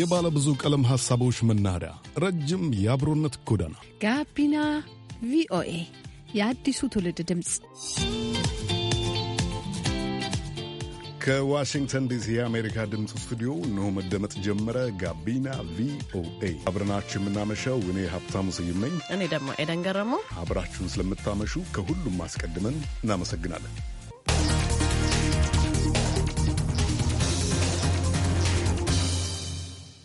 የባለ ብዙ ቀለም ሐሳቦች መናኸሪያ፣ ረጅም የአብሮነት ጎዳና ጋቢና ቪኦኤ የአዲሱ ትውልድ ድምፅ ከዋሽንግተን ዲሲ የአሜሪካ ድምፅ ስቱዲዮ እነሆ መደመጥ ጀመረ። ጋቢና ቪኦኤ አብረናችሁ የምናመሸው እኔ ሀብታሙ ስዩም ነኝ። እኔ ደግሞ ኤደን ገረመው። አብራችሁን ስለምታመሹ ከሁሉም አስቀድመን እናመሰግናለን።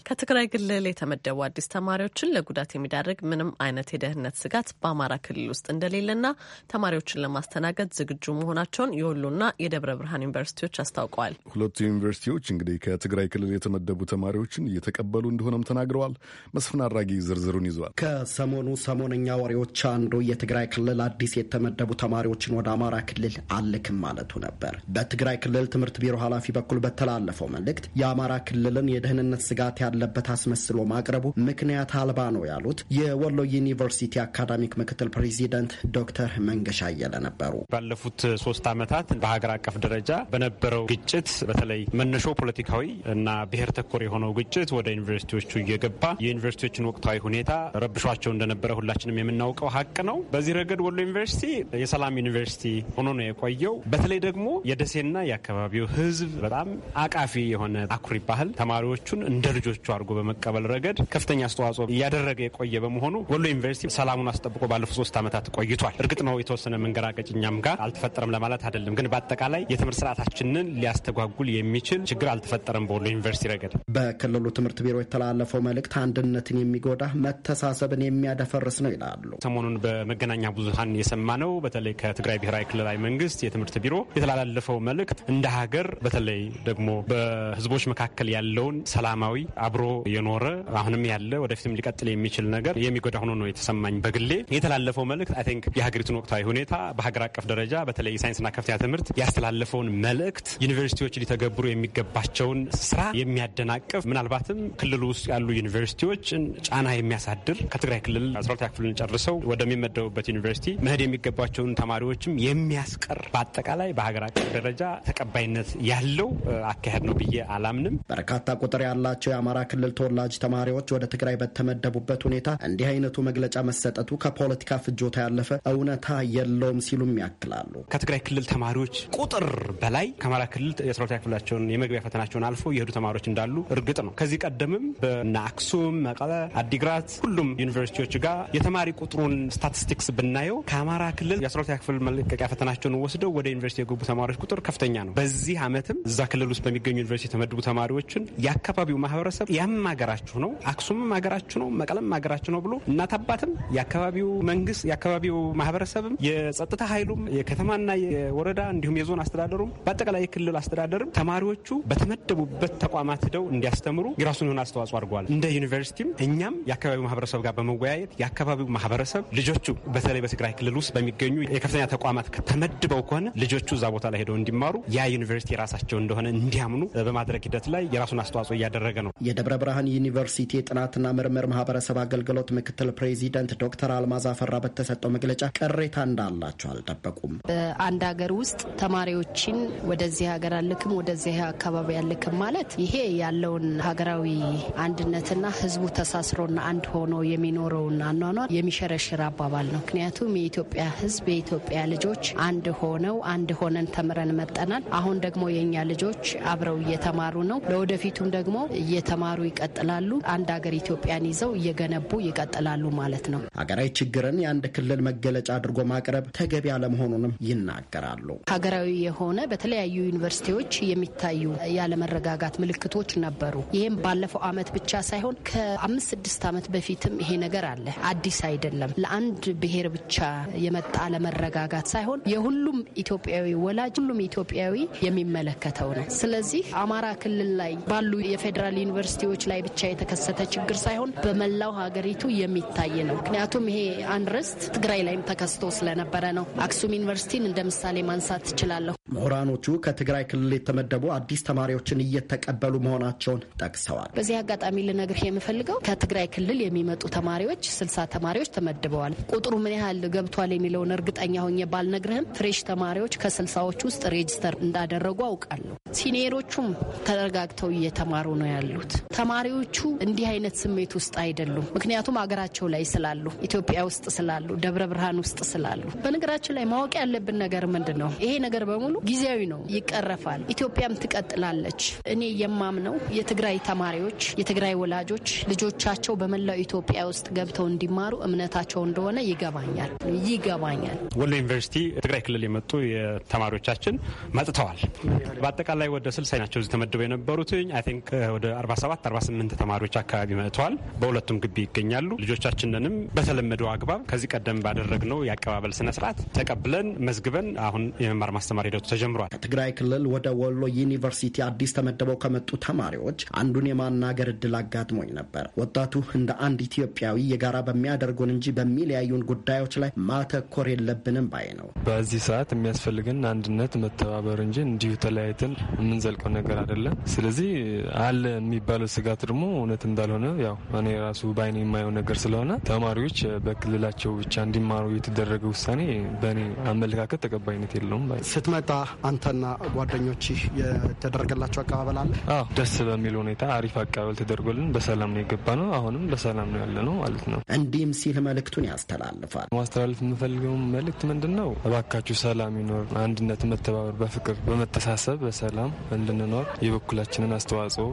ከትግራይ ክልል የተመደቡ አዲስ ተማሪዎችን ለጉዳት የሚዳርግ ምንም አይነት የደህንነት ስጋት በአማራ ክልል ውስጥ እንደሌለና ተማሪዎችን ለማስተናገድ ዝግጁ መሆናቸውን የወሎና የደብረ ብርሃን ዩኒቨርሲቲዎች አስታውቀዋል። ሁለቱ ዩኒቨርሲቲዎች እንግዲህ ከትግራይ ክልል የተመደቡ ተማሪዎችን እየተቀበሉ እንደሆነም ተናግረዋል። መስፍን አድራጊ ዝርዝሩን ይዟል። ከሰሞኑ ሰሞነኛ ወሬዎች አንዱ የትግራይ ክልል አዲስ የተመደቡ ተማሪዎችን ወደ አማራ ክልል አልክም ማለቱ ነበር። በትግራይ ክልል ትምህርት ቢሮ ኃላፊ በኩል በተላለፈው መልእክት የአማራ ክልልን የደህንነት ስጋት ያለ እንዳለበት አስመስሎ ማቅረቡ ምክንያት አልባ ነው ያሉት የወሎ ዩኒቨርሲቲ አካዳሚክ ምክትል ፕሬዚደንት ዶክተር መንገሻ አየለ ነበሩ። ባለፉት ሶስት ዓመታት በሀገር አቀፍ ደረጃ በነበረው ግጭት በተለይ መነሾ ፖለቲካዊ እና ብሔር ተኮር የሆነው ግጭት ወደ ዩኒቨርሲቲዎቹ እየገባ የዩኒቨርሲቲዎችን ወቅታዊ ሁኔታ ረብሿቸው እንደነበረ ሁላችንም የምናውቀው ሀቅ ነው። በዚህ ረገድ ወሎ ዩኒቨርሲቲ የሰላም ዩኒቨርሲቲ ሆኖ ነው የቆየው። በተለይ ደግሞ የደሴና የአካባቢው ሕዝብ በጣም አቃፊ የሆነ አኩሪ ባህል ተማሪዎቹን እንደ ልጆቹ ድርሻቸው አድርጎ በመቀበል ረገድ ከፍተኛ አስተዋጽኦ እያደረገ የቆየ በመሆኑ ወሎ ዩኒቨርሲቲ ሰላሙን አስጠብቆ ባለፉት ሶስት ዓመታት ቆይቷል። እርግጥ ነው የተወሰነ መንገራቀጭ እኛም ጋር አልተፈጠረም ለማለት አይደለም፣ ግን በአጠቃላይ የትምህርት ስርዓታችንን ሊያስተጓጉል የሚችል ችግር አልተፈጠረም በወሎ ዩኒቨርሲቲ ረገድ። በክልሉ ትምህርት ቢሮ የተላለፈው መልእክት አንድነትን የሚጎዳ መተሳሰብን የሚያደፈርስ ነው ይላሉ። ሰሞኑን በመገናኛ ብዙሃን የሰማ ነው። በተለይ ከትግራይ ብሔራዊ ክልላዊ መንግስት የትምህርት ቢሮ የተላለፈው መልእክት እንደ ሀገር በተለይ ደግሞ በህዝቦች መካከል ያለውን ሰላማዊ አ አብሮ የኖረ አሁንም ያለ ወደፊትም ሊቀጥል የሚችል ነገር የሚጎዳ ሆኖ ነው የተሰማኝ። በግሌ የተላለፈው መልእክት አይ ቲንክ የሀገሪቱን ወቅታዊ ሁኔታ በሀገር አቀፍ ደረጃ በተለይ ሳይንስና ከፍተኛ ትምህርት ያስተላለፈውን መልእክት ዩኒቨርሲቲዎች ሊተገብሩ የሚገባቸውን ስራ የሚያደናቅፍ ምናልባትም ክልሉ ውስጥ ያሉ ዩኒቨርሲቲዎችን ጫና የሚያሳድር ከትግራይ ክልል አስራ ሁለተኛ ክፍልን ጨርሰው ወደሚመደቡበት ዩኒቨርሲቲ መሄድ የሚገባቸውን ተማሪዎችም የሚያስቀር በአጠቃላይ በሀገር አቀፍ ደረጃ ተቀባይነት ያለው አካሄድ ነው ብዬ አላምንም። በርካታ ቁጥር ያላቸው የአማራ ክልል ተወላጅ ተማሪዎች ወደ ትግራይ በተመደቡበት ሁኔታ እንዲህ አይነቱ መግለጫ መሰጠቱ ከፖለቲካ ፍጆታ ያለፈ እውነታ የለውም ሲሉም ያክላሉ። ከትግራይ ክልል ተማሪዎች ቁጥር በላይ ከአማራ ክልል የአስራ ክፍላቸውን የመግቢያ ፈተናቸውን አልፎ የሄዱ ተማሪዎች እንዳሉ እርግጥ ነው። ከዚህ ቀደምም በእነ አክሱም፣ መቀለ፣ አዲግራት ሁሉም ዩኒቨርሲቲዎች ጋር የተማሪ ቁጥሩን ስታቲስቲክስ ብናየው ከአማራ ክልል የአስራ ክፍል መለቀቂያ ፈተናቸውን ወስደው ወደ ዩኒቨርሲቲ የገቡ ተማሪዎች ቁጥር ከፍተኛ ነው። በዚህ ዓመትም እዛ ክልል ውስጥ በሚገኙ ዩኒቨርሲቲ የተመደቡ ተማሪዎችን የአካባቢው ማህበረሰብ ያም ሀገራችሁ ነው፣ አክሱምም ሀገራችሁ ነው፣ መቀለም ሀገራችሁ ነው ብሎ እናት አባትም የአካባቢው መንግስት የአካባቢው ማህበረሰብም የጸጥታ ኃይሉም የከተማና የወረዳ እንዲሁም የዞን አስተዳደሩም በአጠቃላይ የክልል አስተዳደርም ተማሪዎቹ በተመደቡበት ተቋማት ሂደው እንዲያስተምሩ የራሱን የሆነ አስተዋጽኦ አድርገዋል። እንደ ዩኒቨርሲቲም እኛም የአካባቢው ማህበረሰብ ጋር በመወያየት የአካባቢው ማህበረሰብ ልጆቹ በተለይ በትግራይ ክልል ውስጥ በሚገኙ የከፍተኛ ተቋማት ተመድበው ከሆነ ልጆቹ እዛ ቦታ ላይ ሄደው እንዲማሩ ያ ዩኒቨርሲቲ የራሳቸው እንደሆነ እንዲያምኑ በማድረግ ሂደት ላይ የራሱን አስተዋጽኦ እያደረገ ነው። የደብረ ብርሃን ዩኒቨርሲቲ የጥናትና ምርምር ማህበረሰብ አገልግሎት ምክትል ፕሬዚደንት ዶክተር አልማዝ አፈራ በተሰጠው መግለጫ ቅሬታ እንዳላቸው አልጠበቁም። በአንድ ሀገር ውስጥ ተማሪዎችን ወደዚህ ሀገር አልክም፣ ወደዚህ አካባቢ አልክም ማለት ይሄ ያለውን ሀገራዊ አንድነትና ህዝቡ ተሳስሮና አንድ ሆኖ የሚኖረውን አኗኗር የሚሸረሽር አባባል ነው። ምክንያቱም የኢትዮጵያ ህዝብ የኢትዮጵያ ልጆች አንድ ሆነው አንድ ሆነን ተምረን መጠናል። አሁን ደግሞ የእኛ ልጆች አብረው እየተማሩ ነው። ለወደፊቱም ደግሞ እየተማሩ እየተማሩ ይቀጥላሉ። አንድ ሀገር ኢትዮጵያን ይዘው እየገነቡ ይቀጥላሉ ማለት ነው። ሀገራዊ ችግርን የአንድ ክልል መገለጫ አድርጎ ማቅረብ ተገቢ አለመሆኑንም ይናገራሉ። ሀገራዊ የሆነ በተለያዩ ዩኒቨርሲቲዎች የሚታዩ ያለመረጋጋት ምልክቶች ነበሩ። ይህም ባለፈው ዓመት ብቻ ሳይሆን ከአምስት ስድስት ዓመት በፊትም ይሄ ነገር አለ። አዲስ አይደለም። ለአንድ ብሔር ብቻ የመጣ አለመረጋጋት ሳይሆን የሁሉም ኢትዮጵያዊ ወላጅ ሁሉም ኢትዮጵያዊ የሚመለከተው ነው። ስለዚህ አማራ ክልል ላይ ባሉ የፌዴራል ዩኒቨርሲቲ ዩኒቨርሲቲዎች ላይ ብቻ የተከሰተ ችግር ሳይሆን በመላው ሀገሪቱ የሚታይ ነው። ምክንያቱም ይሄ አንርስት ትግራይ ላይም ተከስቶ ስለነበረ ነው። አክሱም ዩኒቨርሲቲን እንደ ምሳሌ ማንሳት ትችላለሁ። ምሁራኖቹ ከትግራይ ክልል የተመደቡ አዲስ ተማሪዎችን እየተቀበሉ መሆናቸውን ጠቅሰዋል። በዚህ አጋጣሚ ልነግርህ የምፈልገው ከትግራይ ክልል የሚመጡ ተማሪዎች ስልሳ ተማሪዎች ተመድበዋል። ቁጥሩ ምን ያህል ገብቷል የሚለውን እርግጠኛ ሆኜ ባልነግርህም ፍሬሽ ተማሪዎች ከስልሳዎች ውስጥ ሬጅስተር እንዳደረጉ አውቃለሁ። ሲኒየሮቹም ተረጋግተው እየተማሩ ነው ያሉት። ተማሪዎቹ እንዲህ አይነት ስሜት ውስጥ አይደሉም። ምክንያቱም አገራቸው ላይ ስላሉ፣ ኢትዮጵያ ውስጥ ስላሉ፣ ደብረ ብርሃን ውስጥ ስላሉ። በነገራችን ላይ ማወቅ ያለብን ነገር ምንድን ነው? ይሄ ነገር በሙሉ ጊዜያዊ ነው፣ ይቀረፋል። ኢትዮጵያም ትቀጥላለች። እኔ የማምነው የትግራይ ተማሪዎች፣ የትግራይ ወላጆች ልጆቻቸው በመላው ኢትዮጵያ ውስጥ ገብተው እንዲማሩ እምነታቸው እንደሆነ ይገባኛል ይገባኛል። ወሎ ዩኒቨርሲቲ ትግራይ ክልል የመጡ የተማሪዎቻችን መጥተዋል። በአጠቃላይ ወደ ስልሳ ናቸው ተመድበው የነበሩት አይ ቲንክ ወደ አርባ ሰባት 47 48 ተማሪዎች አካባቢ መጥተዋል። በሁለቱም ግቢ ይገኛሉ። ልጆቻችንንም በተለመደው አግባብ ከዚህ ቀደም ባደረግነው የአቀባበል ስነስርዓት ተቀብለን መዝግበን አሁን የመማር ማስተማር ሂደቱ ተጀምሯል። ከትግራይ ክልል ወደ ወሎ ዩኒቨርሲቲ አዲስ ተመድበው ከመጡ ተማሪዎች አንዱን የማናገር እድል አጋጥሞኝ ነበር። ወጣቱ እንደ አንድ ኢትዮጵያዊ የጋራ በሚያደርጉን እንጂ በሚለያዩን ጉዳዮች ላይ ማተኮር የለብንም ባይ ነው። በዚህ ሰዓት የሚያስፈልግን አንድነት፣ መተባበር እንጂ እንዲሁ ተለያይተን የምንዘልቀው ነገር አይደለም። ስለዚህ አለ የሚባለው ያለ ስጋት ደግሞ እውነት እንዳልሆነ ያው እኔ ራሱ በአይኔ የማየው ነገር ስለሆነ ተማሪዎች በክልላቸው ብቻ እንዲማሩ የተደረገ ውሳኔ በእኔ አመለካከት ተቀባይነት የለውም። ስትመጣ አንተና ጓደኞች የተደረገላቸው አቀባበል አለ? አዎ ደስ በሚል ሁኔታ አሪፍ አቀባበል ተደርጎልን በሰላም ነው የገባ ነው። አሁንም በሰላም ነው ያለ ነው ማለት ነው። እንዲህም ሲል መልእክቱን ያስተላልፋል። ማስተላለፍ የምፈልገው መልእክት ምንድን ነው? እባካችሁ ሰላም ይኖር፣ አንድነት፣ መተባበር፣ በፍቅር በመተሳሰብ በሰላም እንድንኖር የበኩላችንን አስተዋጽኦ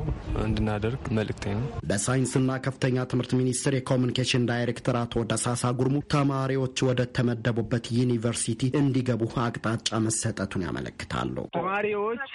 እንድና እንድታደርግ መልእክቴ ነው። በሳይንስና ከፍተኛ ትምህርት ሚኒስቴር የኮሚኒኬሽን ዳይሬክተር አቶ ደሳሳ ጉርሙ ተማሪዎች ወደ ተመደቡበት ዩኒቨርሲቲ እንዲገቡ አቅጣጫ መሰጠቱን ያመለክታሉ። ተማሪዎች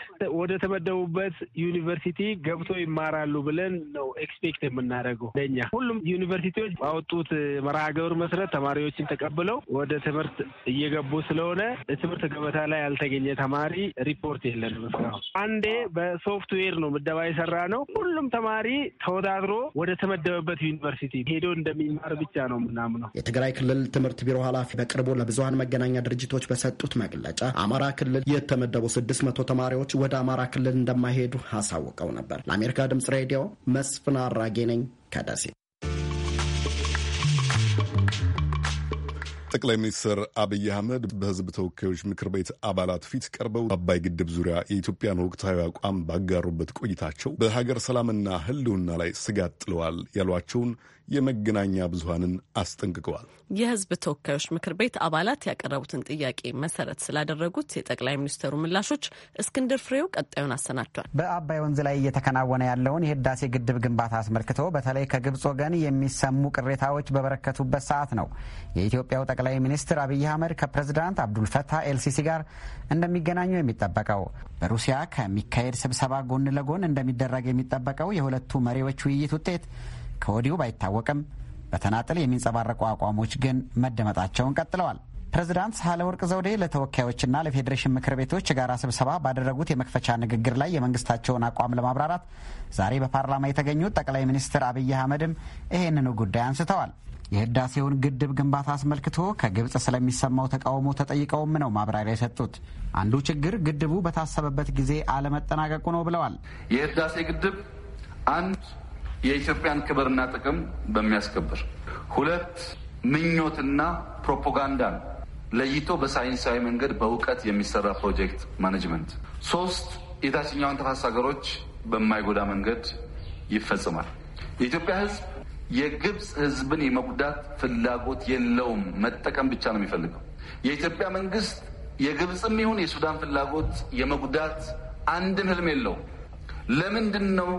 ወደ ተመደቡበት ዩኒቨርሲቲ ገብቶ ይማራሉ ብለን ነው ኤክስፔክት የምናደርገው። ለኛ ሁሉም ዩኒቨርሲቲዎች ባወጡት መርሃ ግብር መሰረት ተማሪዎችን ተቀብለው ወደ ትምህርት እየገቡ ስለሆነ ትምህርት ገበታ ላይ ያልተገኘ ተማሪ ሪፖርት የለንም እስካሁን። አንዴ በሶፍትዌር ነው ምደባ የሰራ ነው ሁሉም ተማሪ ተወዳድሮ ወደ ተመደበበት ዩኒቨርሲቲ ሄዶ እንደሚማር ብቻ ነው ምናምነው። የትግራይ ክልል ትምህርት ቢሮ ኃላፊ በቅርቡ ለብዙሀን መገናኛ ድርጅቶች በሰጡት መግለጫ አማራ ክልል የተመደቡ ስድስት መቶ ተማሪዎች ወደ አማራ ክልል እንደማይሄዱ አሳውቀው ነበር። ለአሜሪካ ድምጽ ሬዲዮ መስፍን አራጌ ነኝ ከደሴ። ጠቅላይ ሚኒስትር አብይ አህመድ በህዝብ ተወካዮች ምክር ቤት አባላት ፊት ቀርበው አባይ ግድብ ዙሪያ የኢትዮጵያን ወቅታዊ አቋም ባጋሩበት ቆይታቸው በሀገር ሰላምና ህልውና ላይ ስጋት ጥለዋል ያሏቸውን የመገናኛ ብዙሀንን አስጠንቅቀዋል። የህዝብ ተወካዮች ምክር ቤት አባላት ያቀረቡትን ጥያቄ መሰረት ስላደረጉት የጠቅላይ ሚኒስትሩ ምላሾች እስክንድር ፍሬው ቀጣዩን አሰናድቷል። በአባይ ወንዝ ላይ እየተከናወነ ያለውን የህዳሴ ግድብ ግንባታ አስመልክቶ በተለይ ከግብፅ ወገን የሚሰሙ ቅሬታዎች በበረከቱበት ሰዓት ነው የኢትዮጵያው ጠቅላይ ሚኒስትር አብይ አህመድ ከፕሬዝዳንት አብዱልፈታህ ኤልሲሲ ጋር እንደሚገናኙ የሚጠበቀው በሩሲያ ከሚካሄድ ስብሰባ ጎን ለጎን እንደሚደረግ የሚጠበቀው የሁለቱ መሪዎች ውይይት ውጤት ከወዲሁ ባይታወቅም በተናጠል የሚንጸባረቁ አቋሞች ግን መደመጣቸውን ቀጥለዋል። ፕሬዝዳንት ወርቅ ዘውዴ ለተወካዮችና ለፌዴሬሽን ምክር ቤቶች የጋራ ስብሰባ ባደረጉት የመክፈቻ ንግግር ላይ የመንግስታቸውን አቋም ለማብራራት ዛሬ በፓርላማ የተገኙት ጠቅላይ ሚኒስትር አብይ አህመድም ይህንኑ ጉዳይ አንስተዋል። የህዳሴውን ግድብ ግንባታ አስመልክቶ ከግብፅ ስለሚሰማው ተቃውሞ ተጠይቀውም ነው ማብራሪያ የሰጡት። አንዱ ችግር ግድቡ በታሰበበት ጊዜ አለመጠናቀቁ ነው ብለዋል። የህዳሴ ግድብ አንድ የኢትዮጵያን ክብርና ጥቅም በሚያስከብር ሁለት ምኞትና ፕሮፓጋንዳን ለይቶ በሳይንሳዊ መንገድ በእውቀት የሚሰራ ፕሮጀክት ማኔጅመንት፣ ሶስት የታችኛውን ተፋሰስ ሀገሮች በማይጎዳ መንገድ ይፈጽማል። የኢትዮጵያ ሕዝብ የግብፅ ሕዝብን የመጉዳት ፍላጎት የለውም። መጠቀም ብቻ ነው የሚፈልገው። የኢትዮጵያ መንግስት የግብፅም ይሁን የሱዳን ፍላጎት የመጉዳት አንድም ህልም የለውም። ለምንድን ነው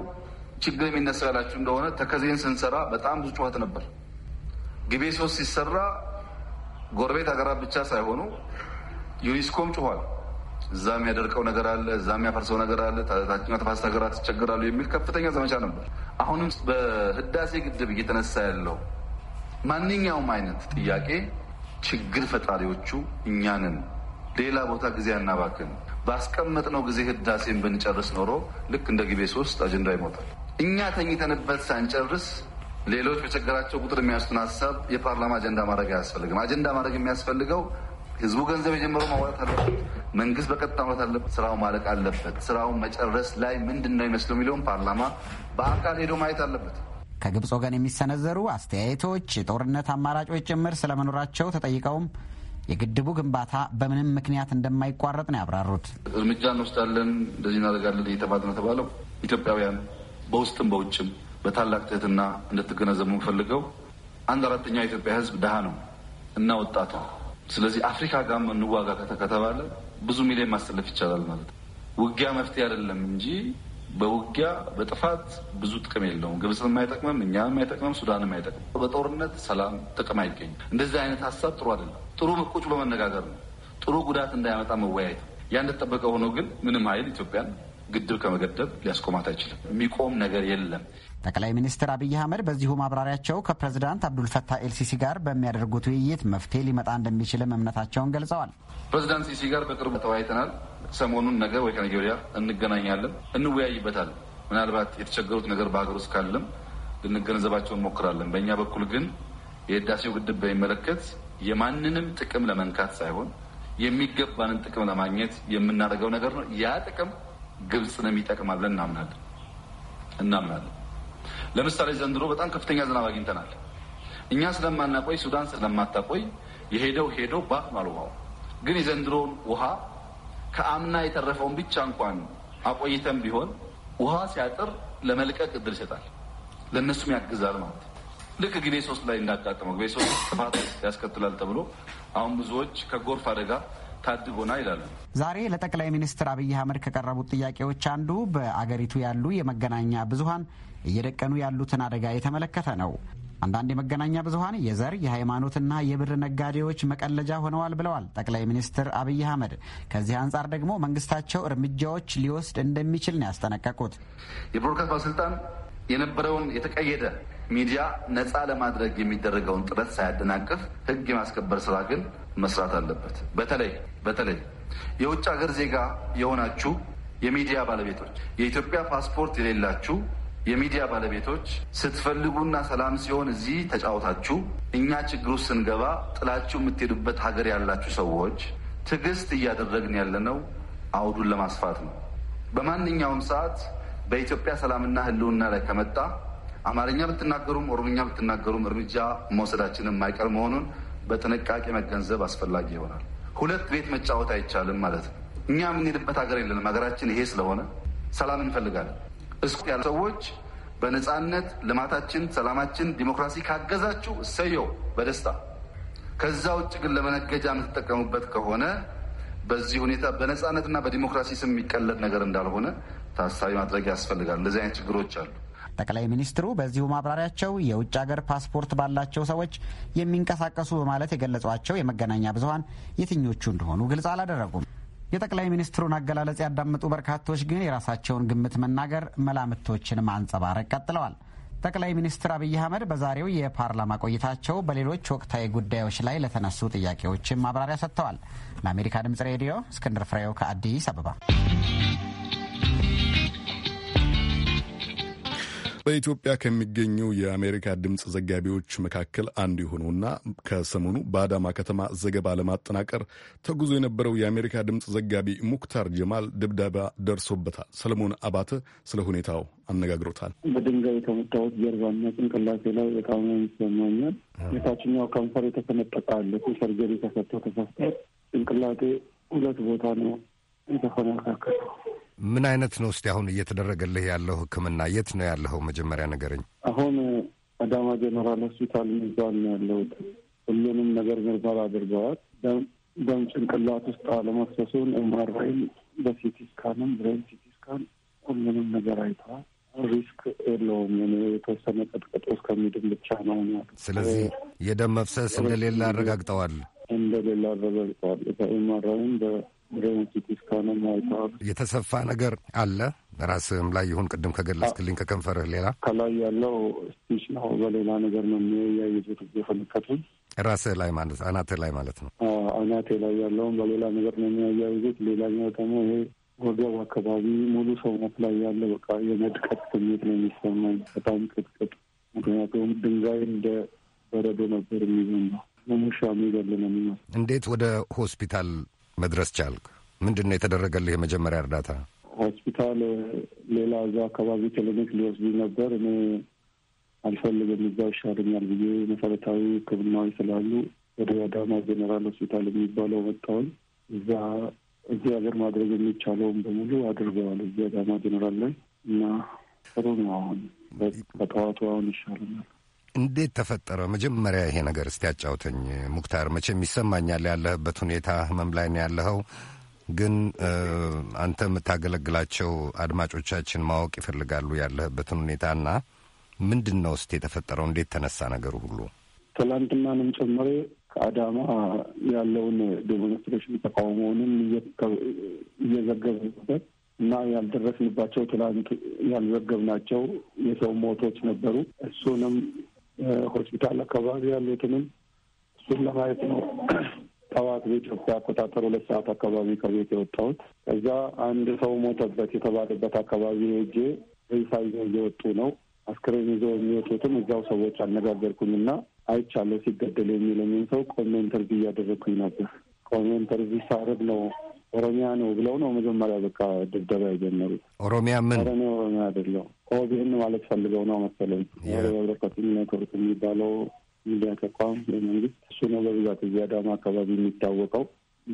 ችግር የሚነሳ እንደሆነ ተከዜን ስንሰራ በጣም ብዙ ጩኸት ነበር። ግቤ ሶስት ሲሰራ ጎረቤት ሀገራት ብቻ ሳይሆኑ ዩኒስኮም ጩኋል። እዛ የሚያደርቀው ነገር አለ፣ እዛ የሚያፈርሰው ነገር አለ፣ ታችኛው ተፋሰስ ሀገራት ይቸገራሉ የሚል ከፍተኛ ዘመቻ ነበር። አሁንም በህዳሴ ግድብ እየተነሳ ያለው ማንኛውም አይነት ጥያቄ ችግር ፈጣሪዎቹ እኛንን ሌላ ቦታ ጊዜ አናባክን። ባስቀመጥነው ጊዜ ህዳሴን ብንጨርስ ኖሮ ልክ እንደ ግቤ ሶስት አጀንዳ ይሞታል። እኛ ተኝተንበት ሳንጨርስ ሌሎች በቸገራቸው ቁጥር የሚያስቱን ሀሳብ የፓርላማ አጀንዳ ማድረግ አያስፈልግም። አጀንዳ ማድረግ የሚያስፈልገው ህዝቡ ገንዘብ የጀመረው ማውራት አለበት። መንግስት በቀጥታ ማውራት አለበት። ስራው ማለቅ አለበት። ስራውን መጨረስ ላይ ምንድን ነው ይመስለው የሚለውን ፓርላማ በአካል ሄዶ ማየት አለበት። ከግብፅ ወገን የሚሰነዘሩ አስተያየቶች የጦርነት አማራጮች ጭምር ስለመኖራቸው ተጠይቀውም የግድቡ ግንባታ በምንም ምክንያት እንደማይቋረጥ ነው ያብራሩት። እርምጃ እንወስዳለን፣ እንደዚህ እናደርጋለን እየተባለ ነው የተባለው ኢትዮጵያውያን በውስጥም በውጭም በታላቅ ትህትና እንድትገነዘቡ የምፈልገው አንድ አራተኛ የኢትዮጵያ ሕዝብ ድሃ ነው እና ወጣቱ። ስለዚህ አፍሪካ ጋር እንዋጋ ከተባለ ብዙ ሚሊዮን ማሰለፍ ይቻላል ማለት ነው። ውጊያ መፍትሄ አይደለም እንጂ በውጊያ በጥፋት ብዙ ጥቅም የለውም። ግብፅም አይጠቅምም፣ እኛም አይጠቅምም፣ ሱዳንም አይጠቅምም። በጦርነት ሰላም ጥቅም አይገኝም። እንደዚህ አይነት ሀሳብ ጥሩ አይደለም። ጥሩ ቁጭ በመነጋገር ነው። ጥሩ ጉዳት እንዳያመጣ መወያየት ያ እንደተጠበቀ ሆኖ ግን ምንም ሀይል ኢትዮጵያን ግድብ ከመገደብ ሊያስቆማት አይችልም። የሚቆም ነገር የለም። ጠቅላይ ሚኒስትር አብይ አህመድ በዚሁ ማብራሪያቸው ከፕሬዚዳንት አብዱልፈታህ ኤልሲሲ ጋር በሚያደርጉት ውይይት መፍትሄ ሊመጣ እንደሚችልም እምነታቸውን ገልጸዋል። ፕሬዚዳንት ሲሲ ጋር በቅርቡ ተወያይተናል። ሰሞኑን ነገር ወይ ከነገ ወዲያ እንገናኛለን፣ እንወያይበታል። ምናልባት የተቸገሩት ነገር በሀገር ውስጥ ካለም ልንገነዘባቸው እንሞክራለን። በእኛ በኩል ግን የህዳሴው ግድብ በሚመለከት የማንንም ጥቅም ለመንካት ሳይሆን የሚገባንን ጥቅም ለማግኘት የምናደርገው ነገር ነው። ያ ጥቅም ግብፅንም ይጠቅማል እናምናለን እናምናለን። ለምሳሌ ዘንድሮ በጣም ከፍተኛ ዝናብ አግኝተናል። እኛ ስለማናቆይ ሱዳን ስለማታቆይ የሄደው ሄዶ ባክኗል ውሃው። ግን የዘንድሮውን ውሃ ከአምና የተረፈውን ብቻ እንኳን አቆይተን ቢሆን ውሃ ሲያጥር ለመልቀቅ እድል ይሰጣል፣ ለእነሱም ያግዛል ማለት ልክ ጊቤ ሶስት ላይ እንዳጋጠመው ጊቤ ሶስት ጥፋት ያስከትላል ተብሎ አሁን ብዙዎች ከጎርፍ አደጋ ታድጎና ይላሉ። ዛሬ ለጠቅላይ ሚኒስትር አብይ አህመድ ከቀረቡት ጥያቄዎች አንዱ በአገሪቱ ያሉ የመገናኛ ብዙሀን እየደቀኑ ያሉትን አደጋ የተመለከተ ነው። አንዳንድ የመገናኛ ብዙሀን የዘር የሃይማኖትና የብር ነጋዴዎች መቀለጃ ሆነዋል ብለዋል ጠቅላይ ሚኒስትር አብይ አህመድ። ከዚህ አንጻር ደግሞ መንግስታቸው እርምጃዎች ሊወስድ እንደሚችል ነው ያስጠነቀቁት። የብሮድካስት ባለስልጣን የነበረውን የተቀየደ ሚዲያ ነፃ ለማድረግ የሚደረገውን ጥረት ሳያደናቅፍ ህግ የማስከበር ስራ ግን መስራት አለበት። በተለይ በተለይ የውጭ ሀገር ዜጋ የሆናችሁ የሚዲያ ባለቤቶች፣ የኢትዮጵያ ፓስፖርት የሌላችሁ የሚዲያ ባለቤቶች ስትፈልጉና ሰላም ሲሆን እዚህ ተጫውታችሁ እኛ ችግር ውስጥ ስንገባ ጥላችሁ የምትሄዱበት ሀገር ያላችሁ ሰዎች ትዕግስት እያደረግን ያለነው አውዱን ለማስፋት ነው። በማንኛውም ሰዓት በኢትዮጵያ ሰላምና ሕልውና ላይ ከመጣ አማርኛ ብትናገሩም ኦሮምኛ ብትናገሩም እርምጃ መውሰዳችንን የማይቀር መሆኑን በጥንቃቄ መገንዘብ አስፈላጊ ይሆናል። ሁለት ቤት መጫወት አይቻልም ማለት ነው። እኛ የምንሄድበት ሀገር የለንም። ሀገራችን ይሄ ስለሆነ ሰላም እንፈልጋለን። እስኩ ያሉ ሰዎች በነፃነት ልማታችን፣ ሰላማችን፣ ዲሞክራሲ ካገዛችሁ እሰየው በደስታ ከዛ ውጭ ግን ለመነገጃ የምትጠቀሙበት ከሆነ በዚህ ሁኔታ በነፃነትና በዲሞክራሲ ስም የሚቀለድ ነገር እንዳልሆነ ታሳቢ ማድረግ ያስፈልጋል። እንደዚህ አይነት ችግሮች አሉ። ጠቅላይ ሚኒስትሩ በዚሁ ማብራሪያቸው የውጭ ሀገር ፓስፖርት ባላቸው ሰዎች የሚንቀሳቀሱ በማለት የገለጿቸው የመገናኛ ብዙሀን የትኞቹ እንደሆኑ ግልጽ አላደረጉም። የጠቅላይ ሚኒስትሩን አገላለጽ ያዳመጡ በርካቶች ግን የራሳቸውን ግምት መናገር፣ መላምቶችን ማንጸባረቅ ቀጥለዋል። ጠቅላይ ሚኒስትር አብይ አህመድ በዛሬው የፓርላማ ቆይታቸው በሌሎች ወቅታዊ ጉዳዮች ላይ ለተነሱ ጥያቄዎችን ማብራሪያ ሰጥተዋል። ለአሜሪካ ድምጽ ሬዲዮ እስክንድር ፍሬው ከአዲስ አበባ በኢትዮጵያ ከሚገኙ የአሜሪካ ድምፅ ዘጋቢዎች መካከል አንዱ የሆነውና ከሰሞኑ በአዳማ ከተማ ዘገባ ለማጠናቀር ተጉዞ የነበረው የአሜሪካ ድምፅ ዘጋቢ ሙክታር ጀማል ድብደባ ደርሶበታል። ሰለሞን አባተ ስለ ሁኔታው አነጋግሮታል። በድንጋይ የተመታሁት ጀርባና ጭንቅላቴ ላይ በጣም ይሰማኛል። የታችኛው ከንፈር የተሰነጠቀ አለ። ሰርጀሪ ተሰጥቶ ተሰፍቷል። ጭንቅላቴ ሁለት ቦታ ነው የተፈነካከለ ምን አይነት ነው? እስቲ አሁን እየተደረገልህ ያለው ህክምና የት ነው ያለኸው? መጀመሪያ ነገርኝ። አሁን አዳማ ጀነራል ሆስፒታል ሚዛን ነው ያለሁት። ሁሉንም ነገር ምርመራ አድርገዋል። ደም ጭንቅላት ውስጥ አለመፍሰሱን ኤምአርአይም በሲቲ ስካንም ብሬን ሲቲ ስካን ሁሉንም ነገር አይተዋል። ሪስክ የለውም። የተወሰነ ቀጥቀጦ እስከሚድን ብቻ ነው። ስለዚህ የደም መፍሰስ እንደሌለ አረጋግጠዋል። እንደሌለ አረጋግጠዋል። በኤምአርአይም ወደ ውጭት አይተዋል። የተሰፋ ነገር አለ ራስህም ላይ ይሁን ቅድም ከገለጽክልኝ ከከንፈርህ ሌላ ከላይ ያለው ስፒች ነው። በሌላ ነገር ነው የሚያያይዙት የፈነከቱኝ ራስህ ላይ ማለት አናቴ ላይ ማለት ነው። አናቴ ላይ ያለውም በሌላ ነገር ነው የሚያያይዙት። ሌላኛው ደግሞ ይሄ ወገብ አካባቢ ሙሉ ሰውነት ላይ ያለ በቃ የመድቀት ስሜት ነው የሚሰማኝ። በጣም ቅጥቅጥ፣ ምክንያቱም ድንጋይ እንደ በረዶ ነበር ነው ሙሻ የሚገል ነው የሚመስለው። እንዴት ወደ ሆስፒታል መድረስ ቻልክ? ምንድን ነው የተደረገልህ የመጀመሪያ እርዳታ? ሆስፒታል፣ ሌላ እዛ አካባቢ ክሊኒክ ሊወስዱ ነበር። እኔ አልፈልግም፣ እዛው ይሻለኛል ብዬ መሰረታዊ ሕክምናዎች ስላሉ ወደ አዳማ ጀኔራል ሆስፒታል የሚባለው መጣውን እዛ እዚህ ሀገር ማድረግ የሚቻለውን በሙሉ አድርገዋል። እዚህ አዳማ ጀኔራል ላይ እና ጥሩ ነው። አሁን በጠዋቱ አሁን ይሻለኛል። እንዴት ተፈጠረ? መጀመሪያ ይሄ ነገር እስቲ ያጫውተኝ ሙክታር። መቼም ይሰማኛል ያለህበት ሁኔታ፣ ህመም ላይ ነው ያለኸው። ግን አንተ የምታገለግላቸው አድማጮቻችን ማወቅ ይፈልጋሉ ያለህበትን ሁኔታና ምንድን ነው እስቲ የተፈጠረው? እንዴት ተነሳ ነገሩ ሁሉ? ትላንትናንም ጨምሬ ከአዳማ ያለውን ዴሞንስትሬሽን ተቃውሞውንም እየዘገብ እና ያልደረስንባቸው ትላንት ያልዘገብናቸው የሰው ሞቶች ነበሩ። እሱንም ሆስፒታል አካባቢ ያሉትንም እሱን ለማየት ነው። ጠዋት በኢትዮጵያ አቆጣጠር ሁለት ሰዓት አካባቢ ከቤት የወጣሁት ከዛ አንድ ሰው ሞተበት የተባለበት አካባቢ ሄጄ ሬሳ ይዘው እየወጡ ነው። አስክሬን ይዘው የሚወጡትም እዚያው ሰዎች አነጋገርኩኝና አይቻለሁ ሲገደል የሚለኝን ሰው ቆሜ ኢንተርቪው እያደረግኩኝ ነበር። ቆሜ ኢንተርቪው ሳረግ ነው ኦሮሚያ ነው ብለው ነው መጀመሪያ በቃ ድብደባ የጀመሩት። ኦሮሚያ ምን ኦሮሚያ ኦሮሚያ አይደለው ኦቢኤን ማለት ፈልገው ነው መሰለኝ። ህብረተሰብ ኔትወርክ የሚባለው ሚዲያ ተቋም ለመንግስት እሱ ነው በብዛት እዚህ አዳማ አካባቢ የሚታወቀው።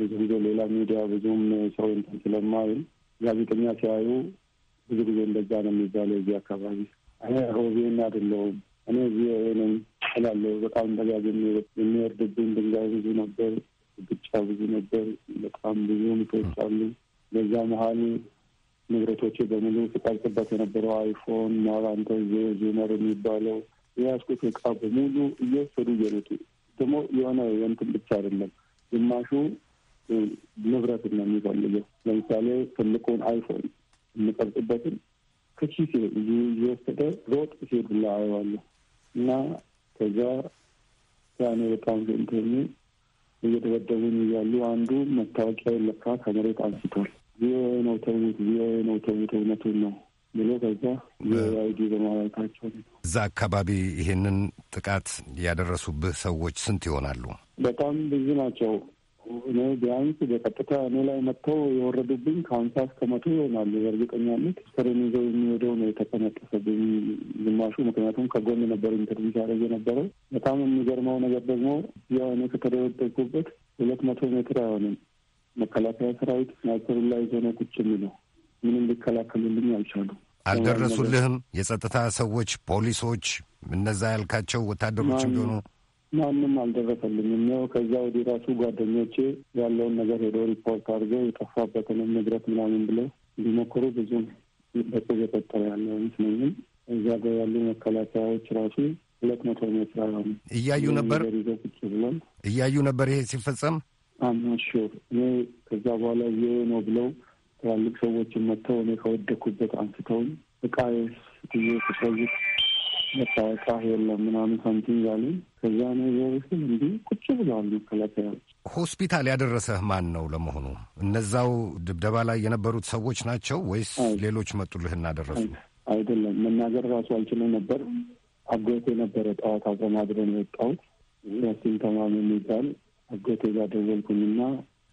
ብዙ ጊዜ ሌላ ሚዲያ ብዙም ሰው እንትን ስለማይል ጋዜጠኛ ሲያዩ ብዙ ጊዜ እንደዛ ነው የሚባለው እዚህ አካባቢ። እኔ ኦቢኤን አይደለሁም እኔ እዚህ ነኝ እላለሁ። በጣም በጋዜ የሚወርድብኝ ድንጋይ ብዙ ነበር ግጫ ብዙ ነበር። በጣም ብዙ ምቶች አሉ። በዛ መሀል ንብረቶቼ በሙሉ ስቃልጽበት የነበረው አይፎን ማራንተ ዜመር የሚባለው የያዝኩት እቃ በሙሉ እየወሰዱ እየሮጡ ደግሞ የሆነ የንትን ብቻ አይደለም ግማሹ ንብረት ነው የሚፈልገው። ለምሳሌ ትልቁን አይፎን የምቀርጽበትን ከቺስ እየወሰደ ሮጥ ሲሄድ ላ አየዋለሁ እና ከዛ ያኔ በጣም ንትሆ እየተበደቡ እያሉ አንዱ መታወቂያ ለካ ከመሬት አንስቷል። ቪኦኤ ነው ተዉት፣ ቪኦኤ ነው ተዉት፣ እውነቱን ነው ብሎ ከዛ የአይዲ በማለታቸው እዛ አካባቢ ይሄንን ጥቃት ያደረሱብህ ሰዎች ስንት ይሆናሉ? በጣም ብዙ ናቸው። እኔ ቢያንስ በቀጥታ እኔ ላይ መጥተው የወረዱብኝ ከሀምሳ እስከ መቶ ይሆናሉ። በእርግጠኛነት ስርን ይዘው የሚሄደው ነው የተፈነጠሰብኝ ግማሹ። ምክንያቱም ከጎን ነበር ኢንተርቪው ሲያደርግ የነበረው። በጣም የሚገርመው ነገር ደግሞ ያው እኔ ከተደበደኩበት ሁለት መቶ ሜትር አይሆንም መከላከያ ሰራዊት ስናይፐሩን ላይ ዞነ ቁጭ የሚለው ምንም ሊከላከሉልኝ አልቻሉ። አልደረሱልህም? የጸጥታ ሰዎች፣ ፖሊሶች፣ እነዛ ያልካቸው ወታደሮች ቢሆኑ ማንም አልደረሰልኝም ነው። ከዛ ወዲ ራሱ ጓደኞቼ ያለውን ነገር ሄዶ ሪፖርት አድርገው የጠፋበትንም ንብረት ምናምን ብለው እንዲሞክሩ ብዙም በጽ የፈጠረ ያለው ምስለኝም እዛ ጋ ያሉ መከላከያዎች ራሱ ሁለት መቶ ሜትራ እያዩ ነበር ይዘው ቁጭ ብለን እያዩ ነበር ይሄ ሲፈጸም አምናሹር እኔ ከዛ በኋላ ይሄ ነው ብለው ትላልቅ ሰዎችን መጥተው እኔ ከወደኩበት አንስተውኝ እቃ ጊዜ ስጠይቅ መታወቂያ የለም ምናምን ሳምቲንግ አሉኝ። በዛ ነገር ስል እንዲህ ቁጭ ብለዋሉ ከላከያዎች። ሆስፒታል ያደረሰህ ማን ነው ለመሆኑ? እነዛው ድብደባ ላይ የነበሩት ሰዎች ናቸው ወይስ ሌሎች መጡልህ እናደረሱ? አይደለም መናገር ራሱ አልችልም ነበር። አጎቴ ነበረ ጠዋት አብረን አድረን የወጣሁት ያሲን ተማም የሚባል አጎቴ ጋር ደወልኩኝና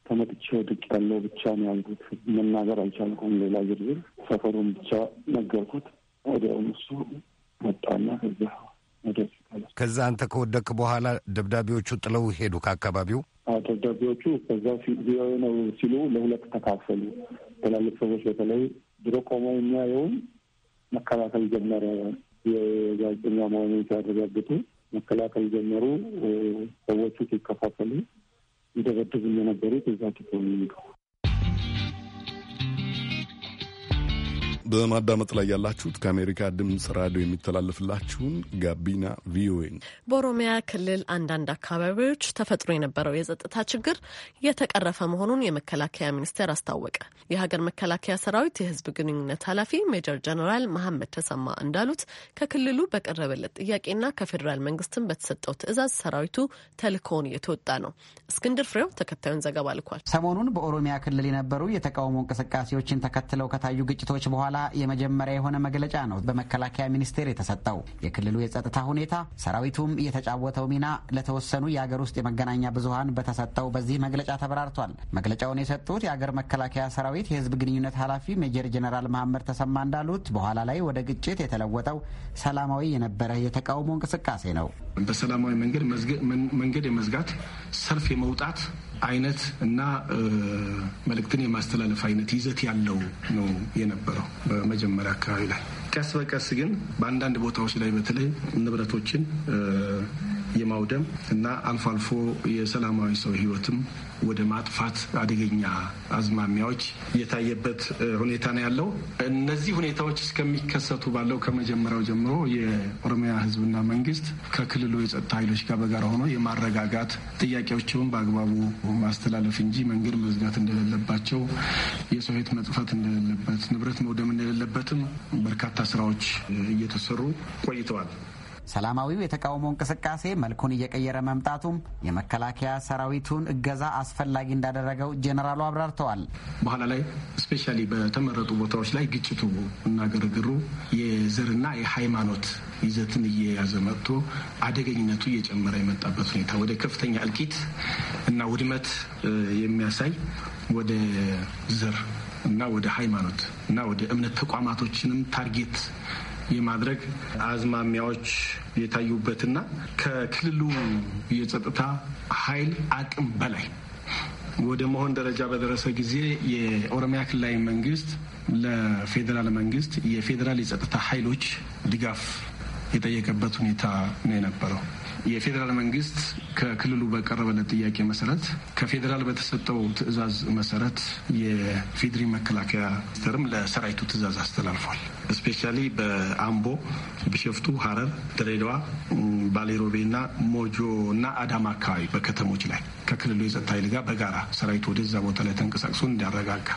ተመጥቼ ወድቅ ያለው ብቻ ነው ያልኩት። መናገር አልቻልኩም። ሌላ ዝርዝር ሰፈሩን ብቻ ነገርኩት። ወዲያውም እሱ መጣና ከዚያ ከዛ አንተ ከወደክ በኋላ ደብዳቤዎቹ ጥለው ሄዱ ከአካባቢው። ደብዳቤዎቹ ከዛ ቪኦኤ ነው ሲሉ ለሁለት ተካፈሉ። ትላልቅ ሰዎች በተለይ ድሮ ቆመው የሚያየውን መከላከል ጀመረ። የጋዜጠኛ መሆኑ ሲያረጋግጡ መከላከል ጀመሩ። ሰዎቹ ሲከፋፈሉ ይደበድቡ የነበሩት እዛ ትቶ በማዳመጥ ላይ ያላችሁት ከአሜሪካ ድምፅ ራዲዮ የሚተላለፍላችሁን ጋቢና ቪኦኤ። በኦሮሚያ ክልል አንዳንድ አካባቢዎች ተፈጥሮ የነበረው የጸጥታ ችግር የተቀረፈ መሆኑን የመከላከያ ሚኒስቴር አስታወቀ። የሀገር መከላከያ ሰራዊት የህዝብ ግንኙነት ኃላፊ ሜጀር ጀነራል መሐመድ ተሰማ እንዳሉት ከክልሉ በቀረበለት ጥያቄና ከፌዴራል መንግስትም በተሰጠው ትዕዛዝ ሰራዊቱ ተልእኮውን እየተወጣ ነው። እስክንድር ፍሬው ተከታዩን ዘገባ ልኳል። ሰሞኑን በኦሮሚያ ክልል የነበሩ የተቃውሞ እንቅስቃሴዎችን ተከትለው ከታዩ ግጭቶች በኋላ የመጀመሪያ የሆነ መግለጫ ነው በመከላከያ ሚኒስቴር የተሰጠው። የክልሉ የጸጥታ ሁኔታ፣ ሰራዊቱም የተጫወተው ሚና ለተወሰኑ የአገር ውስጥ የመገናኛ ብዙሀን በተሰጠው በዚህ መግለጫ ተብራርቷል። መግለጫውን የሰጡት የአገር መከላከያ ሰራዊት የህዝብ ግንኙነት ኃላፊ ሜጀር ጀነራል መሐመድ ተሰማ እንዳሉት በኋላ ላይ ወደ ግጭት የተለወጠው ሰላማዊ የነበረ የተቃውሞ እንቅስቃሴ ነው። በሰላማዊ መንገድ መንገድ የመዝጋት ሰልፍ የመውጣት አይነት እና መልእክትን የማስተላለፍ አይነት ይዘት ያለው ነው የነበረው በመጀመሪያ አካባቢ ላይ። ቀስ በቀስ ግን በአንዳንድ ቦታዎች ላይ በተለይ ንብረቶችን የማውደም እና አልፎ አልፎ የሰላማዊ ሰው ህይወትም ወደ ማጥፋት አደገኛ አዝማሚያዎች የታየበት ሁኔታ ነው ያለው። እነዚህ ሁኔታዎች እስከሚከሰቱ ባለው ከመጀመሪያው ጀምሮ የኦሮሚያ ህዝብና መንግስት ከክልሉ የጸጥታ ኃይሎች ጋር በጋራ ሆኖ የማረጋጋት ጥያቄዎችን በአግባቡ ማስተላለፍ እንጂ መንገድ መዝጋት እንደሌለባቸው፣ የሰው ህይወት መጥፋት እንደሌለበት፣ ንብረት መውደም እንደሌለበትም በርካታ ስራዎች እየተሰሩ ቆይተዋል። ሰላማዊው የተቃውሞ እንቅስቃሴ መልኩን እየቀየረ መምጣቱም የመከላከያ ሰራዊቱን እገዛ አስፈላጊ እንዳደረገው ጄኔራሉ አብራርተዋል። በኋላ ላይ ስፔሻሊ በተመረጡ ቦታዎች ላይ ግጭቱ እና ግርግሩ የዘርና የሃይማኖት ይዘትን እየያዘ መጥቶ አደገኝነቱ እየጨመረ የመጣበት ሁኔታ ወደ ከፍተኛ እልቂት እና ውድመት የሚያሳይ ወደ ዘር እና ወደ ሃይማኖት እና ወደ እምነት ተቋማቶችንም ታርጌት የማድረግ አዝማሚያዎች የታዩበትና ከክልሉ የጸጥታ ኃይል አቅም በላይ ወደ መሆን ደረጃ በደረሰ ጊዜ የኦሮሚያ ክልላዊ መንግስት ለፌዴራል መንግስት የፌዴራል የጸጥታ ኃይሎች ድጋፍ የጠየቀበት ሁኔታ ነው የነበረው። የፌዴራል መንግስት ከክልሉ በቀረበለት ጥያቄ መሰረት ከፌዴራል በተሰጠው ትዕዛዝ መሰረት የፌድሪ መከላከያ ሚኒስቴርም ለሰራዊቱ ትእዛዝ አስተላልፏል። እስፔሻሊ በአምቦ፣ ቢሸፍቱ፣ ሀረር ድሬዳዋ፣ ባሌሮቤና ሞጆ እና አዳማ አካባቢ በከተሞች ላይ ከክልሉ የጸጥታ ኃይል ጋር በጋራ ሰራዊቱ ወደዛ ቦታ ላይ ተንቀሳቅሶ እንዲያረጋጋ፣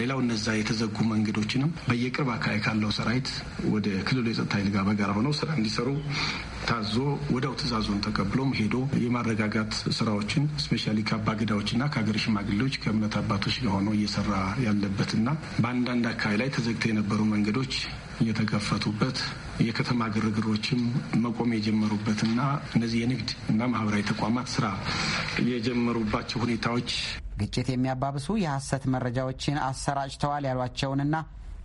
ሌላው እነዛ የተዘጉ መንገዶችንም በየቅርብ አካባቢ ካለው ሰራዊት ወደ ክልሉ የጸጥታ ኃይል ጋር በጋራ ሆነው ስራ እንዲሰሩ ታዞ ወዲያው ትእዛዙን ተቀብሎም ሄዶ የማረጋጋት ስራዎችን ስፔሻሊ ከአባገዳዎችና ከሀገር ሽማግሌዎች ከእምነት አባቶች ጋር ሆኖ እየሰራ ያለበትና በአንዳንድ አካባቢ ላይ ተዘግተው የነበሩ መንገዶች የተከፈቱበት የከተማ ግርግሮችም መቆም የጀመሩበትና እነዚህ የንግድ እና ማህበራዊ ተቋማት ስራ የጀመሩባቸው ሁኔታዎች ግጭት የሚያባብሱ የሐሰት መረጃዎችን አሰራጭተዋል ያሏቸውንና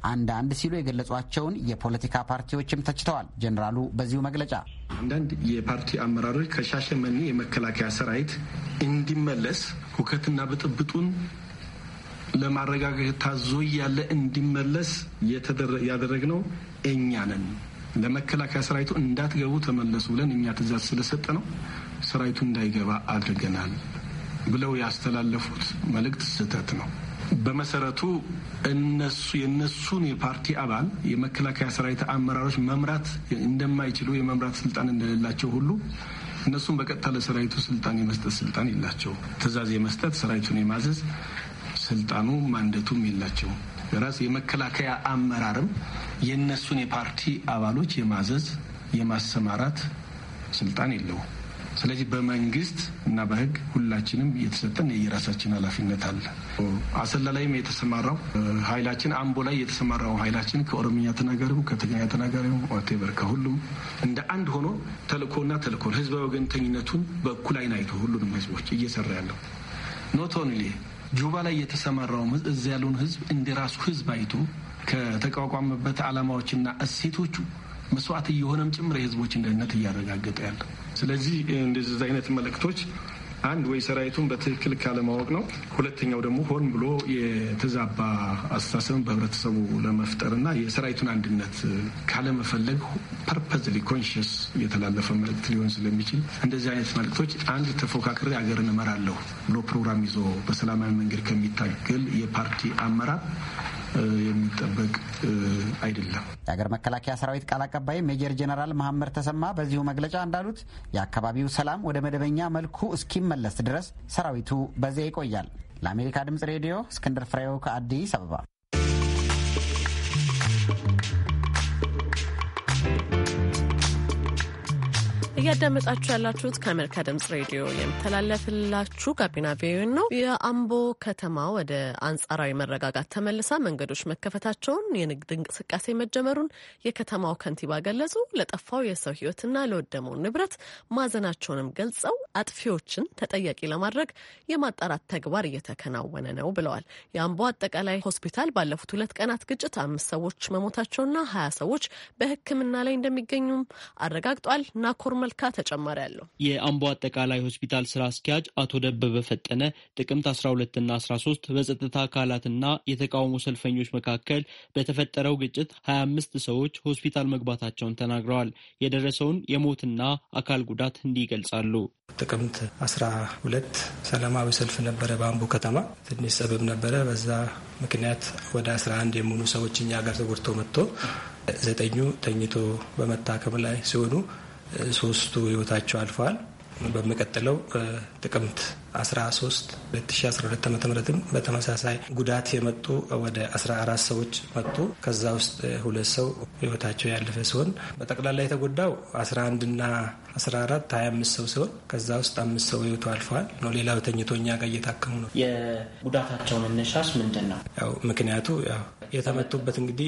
አንዳንድ ሲሉ የገለጿቸውን የፖለቲካ ፓርቲዎችም ተችተዋል። ጀኔራሉ በዚሁ መግለጫ አንዳንድ የፓርቲ አመራሮች ከሻሸመኔ የመከላከያ ሰራዊት እንዲመለስ ሁከትና ብጥብጡን ለማረጋገጥ ታዞ ያለ እንዲመለስ ያደረግነው እኛ ነን። ለመከላከያ ሰራዊቱ እንዳትገቡ ተመለሱ ብለን እኛ ትእዛዝ ስለሰጠ ነው ሰራዊቱ እንዳይገባ አድርገናል ብለው ያስተላለፉት መልእክት ስህተት ነው። በመሰረቱ እነሱ የነሱን የፓርቲ አባል የመከላከያ ሰራዊት አመራሮች መምራት እንደማይችሉ የመምራት ስልጣን እንደሌላቸው ሁሉ እነሱም በቀጥታ ለሰራዊቱ ስልጣን የመስጠት ስልጣን የላቸው። ትእዛዝ የመስጠት ሰራዊቱን የማዘዝ ስልጣኑ ማንደቱም የላቸው። ራስ የመከላከያ አመራርም የእነሱን የፓርቲ አባሎች የማዘዝ የማሰማራት ስልጣን የለውም። ስለዚህ በመንግስት እና በህግ ሁላችንም የተሰጠን የየራሳችን ኃላፊነት አለ። አሰላ ላይም የተሰማራው ኃይላችን አምቦ ላይ የተሰማራው ኃይላችን ከኦሮምኛ ተናጋሪው፣ ከትግርኛ ተናጋሪው ቴበር ከሁሉም እንደ አንድ ሆኖ ተልእኮና ተልእኮ ህዝበ ወገንተኝነቱን በእኩል አይን አይቶ ሁሉንም ህዝቦች እየሰራ ያለው ኖት ኦንሊ ጁባ ላይ የተሰማራው እዚ ያለውን ህዝብ እንደ ራሱ ህዝብ አይቶ ከተቋቋመበት ዓላማዎችና እሴቶቹ መስዋዕት እየሆነም ጭምር የህዝቦችን ደህንነት እያረጋገጠ ያለው ስለዚህ እንደዚህ አይነት መልእክቶች አንድ ወይ ሰራዊቱን በትክክል ካለማወቅ ነው። ሁለተኛው ደግሞ ሆን ብሎ የተዛባ አስተሳሰብን በህብረተሰቡ ለመፍጠር እና የሰራዊቱን አንድነት ካለመፈለግ ፐርፐዝሊ ኮንሽስ የተላለፈ መልእክት ሊሆን ስለሚችል እንደዚህ አይነት መልእክቶች አንድ ተፎካካሪ ሀገርን እመራለሁ ብሎ ፕሮግራም ይዞ በሰላማዊ መንገድ ከሚታገል የፓርቲ አመራር የሚጠበቅ አይደለም። የአገር መከላከያ ሰራዊት ቃል አቀባይ ሜጀር ጀነራል መሐመድ ተሰማ በዚሁ መግለጫ እንዳሉት የአካባቢው ሰላም ወደ መደበኛ መልኩ እስኪመለስ ድረስ ሰራዊቱ በዚያ ይቆያል። ለአሜሪካ ድምጽ ሬዲዮ እስክንድር ፍሬው ከአዲስ አበባ እያዳመጣችሁ ያላችሁት ከአሜሪካ ድምጽ ሬዲዮ የሚተላለፍላችሁ ጋቢና ቪኦኤ ነው። የአምቦ ከተማ ወደ አንጻራዊ መረጋጋት ተመልሳ መንገዶች መከፈታቸውን፣ የንግድ እንቅስቃሴ መጀመሩን የከተማው ከንቲባ ገለጹ። ለጠፋው የሰው ህይወትና ለወደመው ንብረት ማዘናቸውንም ገልጸው አጥፊዎችን ተጠያቂ ለማድረግ የማጣራት ተግባር እየተከናወነ ነው ብለዋል። የአምቦ አጠቃላይ ሆስፒታል ባለፉት ሁለት ቀናት ግጭት አምስት ሰዎች መሞታቸውና ሀያ ሰዎች በህክምና ላይ እንደሚገኙም አረጋግጧል። ናኮር መልካ ተጨማሪ አለው። የአምቦ አጠቃላይ ሆስፒታል ስራ አስኪያጅ አቶ ደበበ ፈጠነ ጥቅምት 12ና 13 በጸጥታ አካላትና የተቃውሞ ሰልፈኞች መካከል በተፈጠረው ግጭት 25 ሰዎች ሆስፒታል መግባታቸውን ተናግረዋል። የደረሰውን የሞትና አካል ጉዳት እንዲህ ይገልጻሉ። ጥቅምት 12 ሰላማዊ ሰልፍ ነበረ በአምቦ ከተማ። ትንሽ ሰበብ ነበረ። በዛ ምክንያት ወደ 11 የሚሆኑ ሰዎች እኛ ጋር ተጎድቶ መጥቶ ዘጠኙ ተኝቶ በመታከም ላይ ሲሆኑ ሶስቱ ህይወታቸው አልፈዋል። በሚቀጥለው ጥቅምት 13 2012 ዓ ም በተመሳሳይ ጉዳት የመጡ ወደ 14 ሰዎች መጡ። ከዛ ውስጥ ሁለት ሰው ህይወታቸው ያለፈ ሲሆን በጠቅላላ የተጎዳው 11ና 14 25 ሰው ሲሆን ከዛ ውስጥ አምስት ሰው ህይወቱ አልፈዋል ነው። ሌላው ተኝቶ እኛ ጋር እየታከሙ ነው። የጉዳታቸው መነሻስ ምንድን ነው? ያው ምክንያቱ ያው የተመቱበት እንግዲህ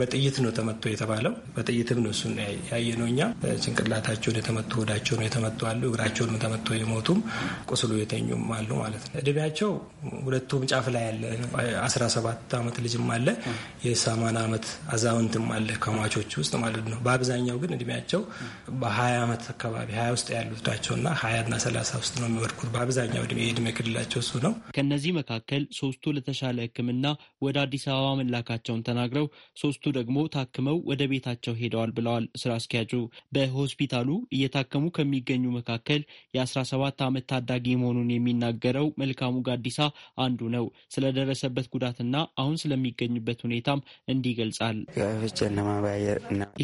በጥይት ነው ተመቶ የተባለው በጥይትም ነው እሱን ያየ ነው እኛ ጭንቅላታቸውን የተመቱ ሆዳቸውን የተመቱ አሉ እግራቸውን ተመቶ የሞቱም ቁስሉ የተኛ የተገኙም አሉ ማለት ነው። እድሜያቸው ሁለቱም ጫፍ ላይ ያለ 17 ዓመት ልጅም አለ፣ የ80 ዓመት አዛውንትም አለ ከሟቾች ውስጥ ማለት ነው። በአብዛኛው ግን እድሜያቸው በ20 ዓመት አካባቢ 20 ውስጥ ያሉት ናቸው እና 20 እና 30 ውስጥ ነው የሚወድቁት። በአብዛኛው እድሜ የእድሜ ክልላቸው እሱ ነው። ከእነዚህ መካከል ሶስቱ ለተሻለ ሕክምና ወደ አዲስ አበባ መላካቸውን ተናግረው ሶስቱ ደግሞ ታክመው ወደ ቤታቸው ሄደዋል ብለዋል ስራ አስኪያጁ። በሆስፒታሉ እየታከሙ ከሚገኙ መካከል የ17 ዓመት ታዳጊ መሆኑን የሚናገረው መልካሙ ጋዲሳ አንዱ ነው። ስለደረሰበት ጉዳትና አሁን ስለሚገኝበት ሁኔታም እንዲህ ይገልጻል።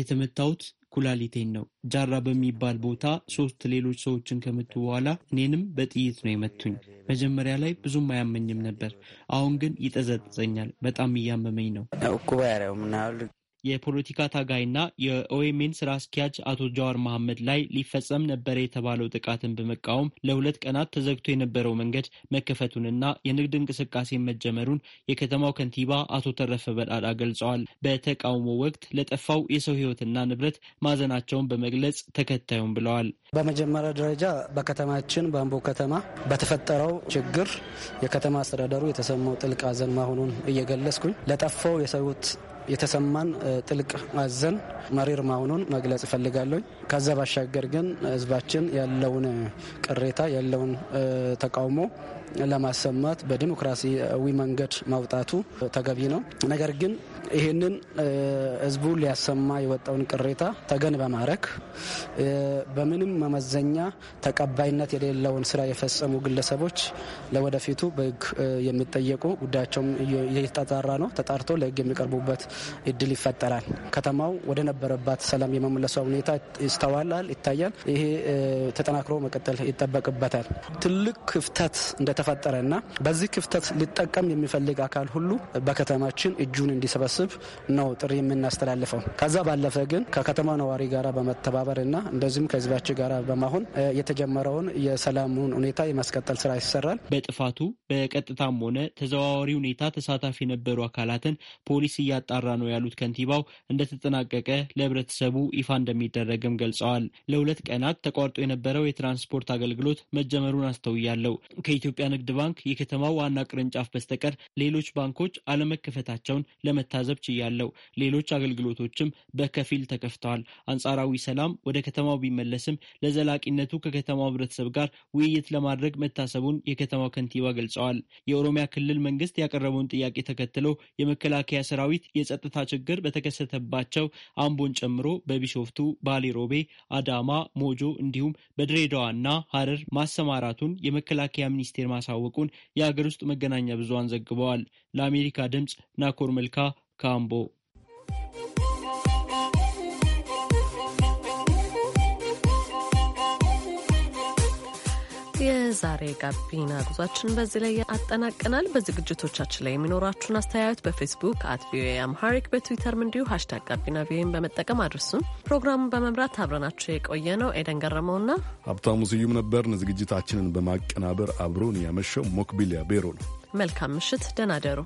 የተመታሁት ኩላሊቴን ነው። ጃራ በሚባል ቦታ ሶስት ሌሎች ሰዎችን ከመቱ በኋላ እኔንም በጥይት ነው የመቱኝ። መጀመሪያ ላይ ብዙም አያመኝም ነበር። አሁን ግን ይጠዘጥዘኛል። በጣም እያመመኝ ነው። የፖለቲካ ታጋይና የኦኤምኤን ስራ አስኪያጅ አቶ ጀዋር መሐመድ ላይ ሊፈጸም ነበረ የተባለው ጥቃትን በመቃወም ለሁለት ቀናት ተዘግቶ የነበረው መንገድ መከፈቱንና የንግድ እንቅስቃሴ መጀመሩን የከተማው ከንቲባ አቶ ተረፈ በዳዳ ገልጸዋል። በተቃውሞ ወቅት ለጠፋው የሰው ህይወትና ንብረት ማዘናቸውን በመግለጽ ተከታዩም ብለዋል። በመጀመሪያ ደረጃ በከተማችን በአምቦ ከተማ በተፈጠረው ችግር የከተማ አስተዳደሩ የተሰማው ጥልቅ ሐዘን መሆኑን እየገለጽኩኝ ለጠፋው የሰውት የተሰማን ጥልቅ አዘን መሪር መሆኑን መግለጽ እፈልጋለሁ። ከዛ ባሻገር ግን ህዝባችን ያለውን ቅሬታ ያለውን ተቃውሞ ለማሰማት በዲሞክራሲያዊ መንገድ ማውጣቱ ተገቢ ነው። ነገር ግን ይህንን ህዝቡ ሊያሰማ የወጣውን ቅሬታ ተገን በማድረግ በምንም መመዘኛ ተቀባይነት የሌለውን ስራ የፈጸሙ ግለሰቦች ለወደፊቱ በህግ የሚጠየቁ ጉዳያቸውም እየተጣራ ነው፣ ተጣርቶ ለህግ የሚቀርቡበት እድል ይፈጠራል። ከተማው ወደ ነበረባት ሰላም የመመለሷ ሁኔታ ይስተዋላል፣ ይታያል። ይሄ ተጠናክሮ መቀጠል ይጠበቅበታል። ትልቅ ክፍተት እንደ ተፈጠረና በዚህ ክፍተት ሊጠቀም የሚፈልግ አካል ሁሉ በከተማችን እጁን እንዲሰበስብ ነው ጥሪ የምናስተላልፈው። ከዛ ባለፈ ግን ከከተማ ነዋሪ ጋር በመተባበርና እንደዚሁም ከህዝባችን ጋር በማሆን የተጀመረውን የሰላሙን ሁኔታ የማስቀጠል ስራ ይሰራል። በጥፋቱ በቀጥታም ሆነ ተዘዋዋሪ ሁኔታ ተሳታፊ የነበሩ አካላትን ፖሊስ እያጣራ ነው ያሉት ከንቲባው እንደተጠናቀቀ ለህብረተሰቡ ይፋ እንደሚደረግም ገልጸዋል። ለሁለት ቀናት ተቋርጦ የነበረው የትራንስፖርት አገልግሎት መጀመሩን አስተውያለሁ። ከኢትዮጵያ ንግድ ባንክ የከተማው ዋና ቅርንጫፍ በስተቀር ሌሎች ባንኮች አለመከፈታቸውን ለመታዘብ ችያለው። ሌሎች አገልግሎቶችም በከፊል ተከፍተዋል። አንጻራዊ ሰላም ወደ ከተማው ቢመለስም ለዘላቂነቱ ከከተማው ህብረተሰብ ጋር ውይይት ለማድረግ መታሰቡን የከተማው ከንቲባ ገልጸዋል። የኦሮሚያ ክልል መንግስት ያቀረበውን ጥያቄ ተከትሎ የመከላከያ ሰራዊት የጸጥታ ችግር በተከሰተባቸው አምቦን ጨምሮ በቢሾፍቱ፣ ባሌሮቤ፣ አዳማ፣ ሞጆ እንዲሁም በድሬዳዋና ሀረር ማሰማራቱን የመከላከያ ሚኒስቴር ማሳወቁን የሀገር ውስጥ መገናኛ ብዙሃን ዘግበዋል። ለአሜሪካ ድምፅ ናኮር መልካ ካምቦ የዛሬ ጋቢና ጉዟችን በዚህ ላይ አጠናቀናል። በዝግጅቶቻችን ላይ የሚኖራችሁን አስተያየት በፌስቡክ አት ቪኦኤ አምሃሪክ በትዊተርም እንዲሁ ሀሽታግ ጋቢና ቪኦኤን በመጠቀም አድርሱም። ፕሮግራሙን በመምራት አብረናቸው የቆየ ነው ኤደን ገረመውና ሀብታሙ ስዩም ነበርን። ዝግጅታችንን በማቀናበር አብሮን ያመሸው ሞክቢሊያ ቤሮ ነው። መልካም ምሽት፣ ደናደሩ